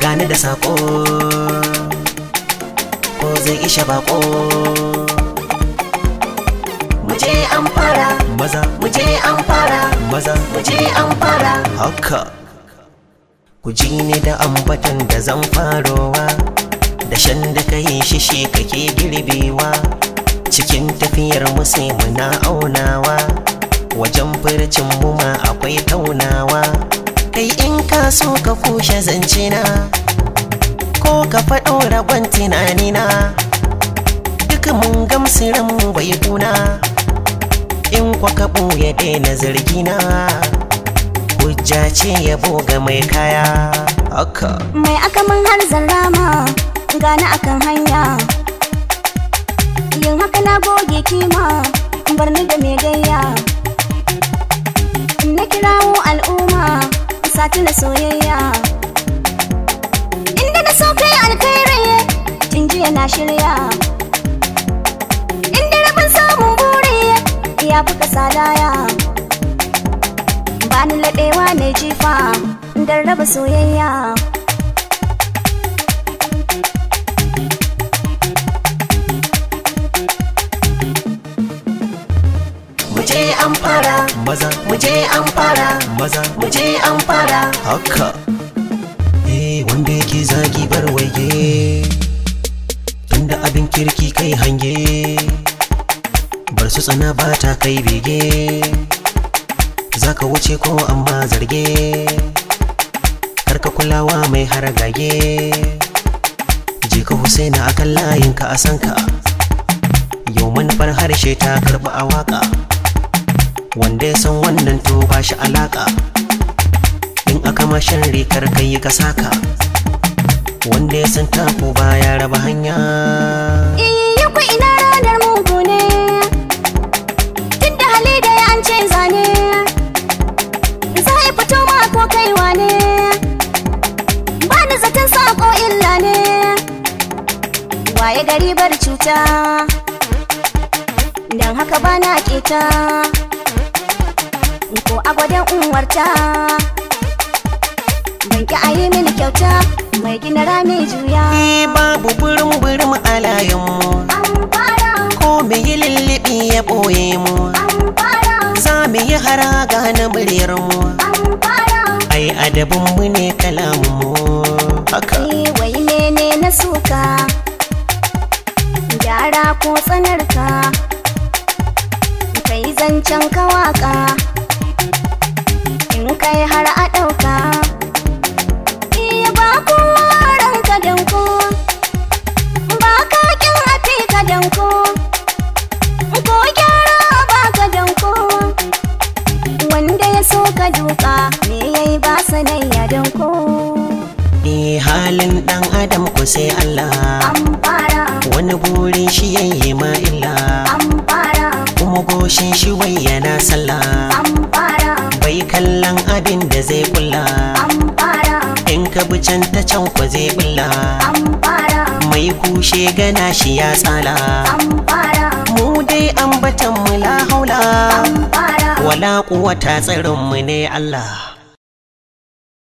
Gane da sako ko zai isha bako muje an fara maza muje an fara maza muje an fara haka ku ji ne da ambatan da zan farowa da shan da ka yi shi kake girbewa cikin tafiyar mu sai muna aunawa wajen furcin mu ma akwai taunawa so ka kushe zance na ko ka faɗo rabon tunani na duka mun gamsu ran bai kuna in kwa ka ɓoye daina zargi na hujja ce yabo ga mai kaya aka mai aka mun har zarama gani akan hanya yin haka na goge kima bar ni da mai gayya na kirawo al'umma sati na soyayya inda na so kai alkhairi tun jiya na shirya inda rabin samun buri ya fi kasalaya ba ni laɗewa ne jifa don raba soyayya amfara maza mu je maza mu je haka eh wanda yake zagi bar waye tunda abin kirki kai hange bar su tsana ba ta kai bege zaka wuce ko amma zarge karka kulawa mai haragage je ka husaina akan layinka a sanka yau manufar harshe ta karɓi a waƙa wanda ya san wannan to ba shi alaka in aka ma sharri kar kai ka saka wanda ya san taku ya raba hanya eh, iya ku ina ranar mugu ne tun da hali da ya an ce zane za a fito ma ko kaiwa ne ba ni zaton saƙo illa ne waye gari bar cuta don haka ba na keta ko a gwadon unwarta ban ki ayi mini kyauta mai gina rami juya eh babu burin burin a layin mu ko me yi lullubi ya boye mu za mu yi haraga na muryar mu ai adabin mu ne kalamun mu haka wai mene na suka gyara ko tsanarka kai zancen kawaka kai har a ɗauka iya eh, ba kowa ranka danko ba ka ƙin a fi ka danko ko gyara ba ka danko wanda ya so ka duka me yayi ba ya danko Eh halin ɗan adam ku sai Allah wani burin shi yayi ma illa kuma goshin shi wai yana sallah kallon abin da zai kula in ka bi can ta can ko zai bulla mai kushe gana shi ya tsala mu dai batan mu la haula wala kuwa ta tsirin mu ne Allah